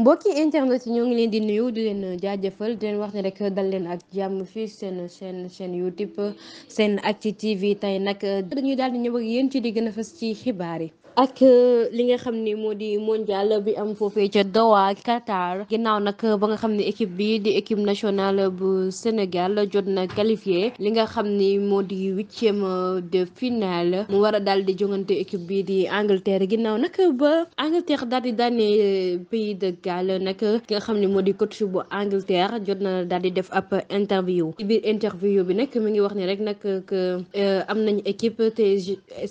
mbokki internet yi ñoo ngi leen di nuyu di leen jaajëfal di wax ne rek dal leen ak jàmm fii seen seen seen YouTube SENactu TV tey nag dañuy daal di ñëw ak yéen ci di gën a fës ci xibaar yi. ak euh, li nga xam ni moo di mondial bi am foofee ca Doha Qatar ginnaaw nag euh, ba nga xam ne équipe bi di équipe nationale bu Sénégal jot na qualifié li nga xam ni moo di huitième euh, de finale mu war a daal di jongante équipe bi di Angleterre ginnaaw nag ba Angleterre daal di daanee pays de Galles nag ki nga xam ne moo di coach bu Angleterre jot na daal di def ab interview ci biir interview bi nag mi ngi wax ni rek nag am nañu équipe te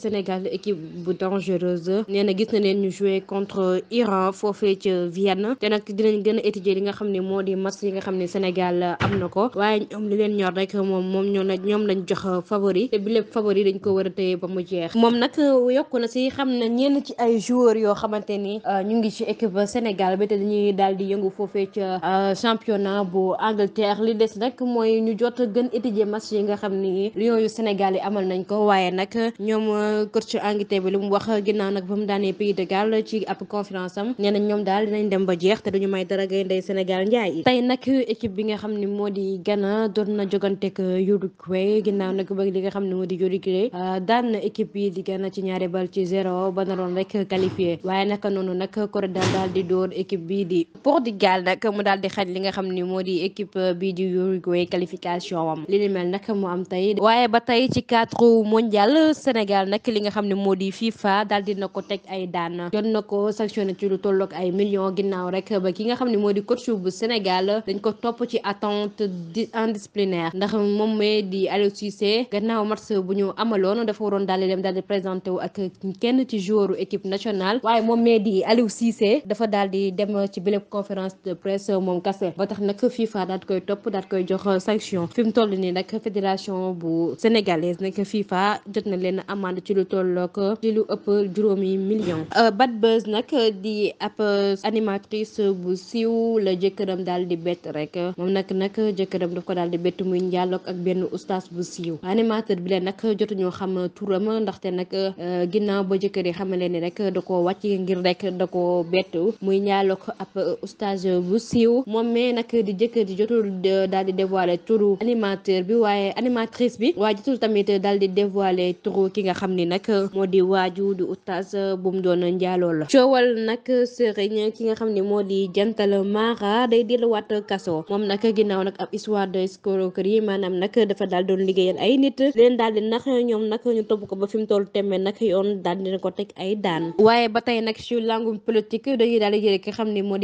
Sénégal équipe bu dangereuse dangereuse nee na gis na leen ñu joué contre Iran foofee ca Vienne te nag dinañ gën a li nga xam ne moo di match yi nga xam ne Sénégal ko waaye ñoom li leen ñor rek moom moom na ñoom lañ jox favori te bi ko war a téye ba mu jeex moom nag yokku na si xam na ñenn ci ay joueurs yoo xamante ni euh, ñu ngi ci équipe Sénégal bi te dañuy daal di yëngu foofee ca euh, championnat bu Angleterre li des nag mooy ñu jot gën étudier match yi nga xam ni Lions yu Sénégal amal nañ ko waaye nag ñoom euh, coach Angleterre bi lu mu wax ginnaaw ginnaaw nag ba mu daanee pays de Galles ci ab conférence am nee na ñoom daal dinañ dem ba jeex te duñu may dara gayndey Sénégal njaay tey nag équipe bi nga xam ne moo di Ghana doon na jogantek Uruguay ginnaaw nag ba li nga xam ne ah, daan na équipe yi di Ghana ci ñaari bal ci zéro ba naroon rek qualifié waaye naka noonu nag Korodal daal di door équipe bii di Portugal nag mu daal di xañ li nga xam ni moo di équipe bi di Uruguay qualification am li ni mel nag mu am tey waaye ba tey ci cadre mondial Sénégal nag li nga dina ko teg ay daan jot na ko sanctionné ci lu tolloog ay millions ginnaaw rek ba ki nga xam ne moo di coach bu Sénégal dañ ko topp ci attente indisciplinaire ndax moom bu ñu amaloon dafa waroon daal di dem daal di présenté wu kenn ci joueur équipe nationale waaye moom mee di Aliou Cissé dafa daal di dem ci bile conférence de moom kase ba tax nag FIFA daal di koy topp daal koy jox sanction fi mu nii nag fédération bu sénégalaise nag jot na leen amande ci lu tolloog ci lu ëpp juróomi million euh, Bad Buzz nag di ab euh, animatrice bu siiw la jëkkëram daal di bett rek moom nag nag jëkkëram daf ko daal di bett muy njaaloog ak benn oustaz bu siiw animateur bi la nag jotuñoo xam turam ndaxte nag euh, ginnaaw ba jëkkër yi xamale ni rek da koo wàcc ngir rek da koo bett muy njaaloog ab oustaz bu siiw moom mais nag di jëkkër ji jotul daal di dévoiler turu animateur bi waaye animatrice bi waaye jotul tamit daal di dévoiler turu ki nga xam ni nag moo di waaju di oustaz oustaz bu mu doon njaaloo la coowal nag sëriñ ki nga xam ne moo di jantal Mara day delluwaat kaso moom nag ginnaaw nag ab histoire de escroquerie maanaam nag dafa daal doon liggéeyal ay nit leen daal di nax ñoom nag ñu topp ko ba fi mu toll temme nag yoon daal dina ko teg ay daan waaye ba tey nag ci langum politique dañuy daal di jëlee ki xam ne ba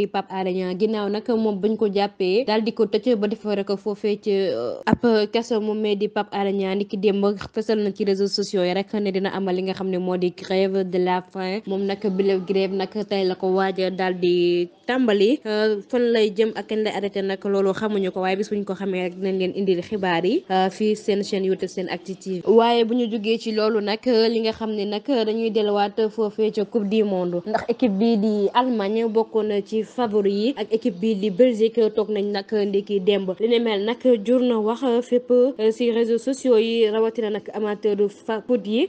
defaree uh, na ci réseaux sociaux rek ne dina amal li nga xam ne moo di grève la faim moom nag bile grève nag tey la ko waaja daal di tàmbali euh, fan lay jëm ak kañ lay arrêté nag loolu xamuñu ko waaye bis buñ ko xamee rek dinañ leen indil xibaar yi euh, fii seen chaîne YouTube SENactu TV waaye bu ñu jugee ci loolu nag euh, li nga xam ne nag dañuy delluwaat foofee ca coupe du monde ndax équipe bi di Allemagne bokkoon ci favori yi ak équipe bii di Belgique toog nañ nag ndiki démb li ne mel nag jur na wax fépp si réseaux sociaux yi rawatina nag amateur foot yi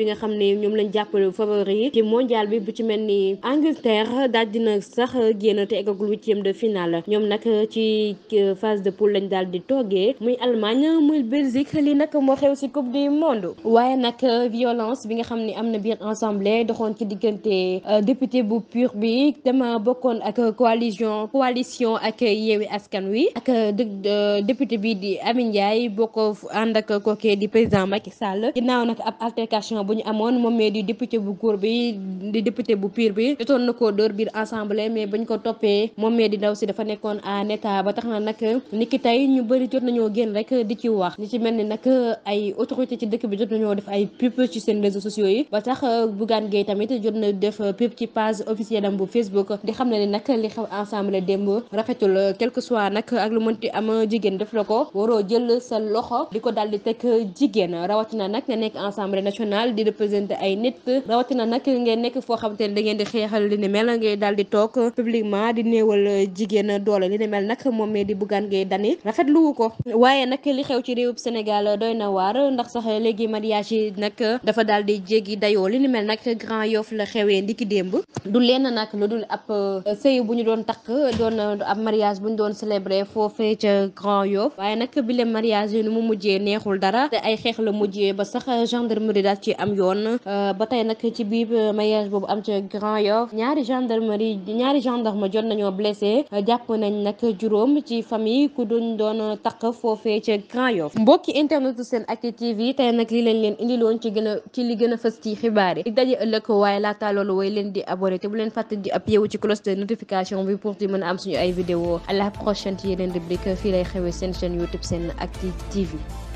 yi nga xam ne ñoom lañ jàppale favori yi ci mondial bi bu ci mel ni Angleterre daal dina sax génn te eggagul huitième de finale ñoom nag ci euh, phase de poule lañ daal di toogee muy Allemagne muy Belgique lii nag moo xew si coupe du monde waaye nag euh, violence bi nga xam ni am na biir ensemble doxoon ci diggante euh, député bu pur bi dama bokkoon ak coalition coalition ak yeewi askan wi ak député bi di Amy Ndiaye boo ko ànd ak kooke di président Macky bu ñu amoon moom mee di député bu góor bi di député bu pire bi jotoon na koo dóor biir assemblée mais bañ ko toppee moom di ndaw si dafa nekkoon en état ba tax na nag niki tey ñu bëri jot nañoo génn rek di ci wax ñi ci mel ni nag ay autorité ci dëkk bi jot nañoo def ay pub ci seen réseaux sociaux yi ba tax Bougane Gueye tamit jot na def pub ci page officielle am bu Facebook di xam ne ni nag li xew assemblée démb rafetul quelque que soit nag ak lu mënti am jigéen def la ko waroo jël sa loxo di ko daal di teg jigéen rawatina nag nga nekk assemblée nationale di ay nit rawatina nag ngeen nekk foo xamante ne da ngeen di xeexal li ni mel ngay daal di toog publiquement di néewal jigéen doole li ni mel nag moom mee di buggaan ngay dani rafetlu wu ko waaye nag li xew ci réewub Sénégal doy na waar ndax sax léegi mariage yi nag dafa daal di jéggi dayoo li ni mel nag Grand Yoff la xewee ndiki démb du lenn nag lu dul ab euh, sëy bu ñu doon takk doon euh, ab mariage bu ñu doon célébré foofee ca Grand Yoff waaye mu mujjee neexul dara am yoon euh, ba tey nag ci biir euh, mariage boobu am ca Grand Yoff ñaari gendarmerie ñaari gendarme jot nañoo blessé euh, jàpp nañ nag juróom ci famille ku doon doon takk foofee ca Grand Yoff mbokki internetu SENactu TV tey nag li lañ leen indiloon ci gën a ci li gën a fës ci xibaar yi daje ëllëg waaye laata loolu way leen di abonné te bu leen fàtte di appuyé wu ci cloche de notification bi pour di mën a am suñu ay vidéo à la prochaine ci yeneen rubrique fii lay xewee seen seen YouTube SENactu TV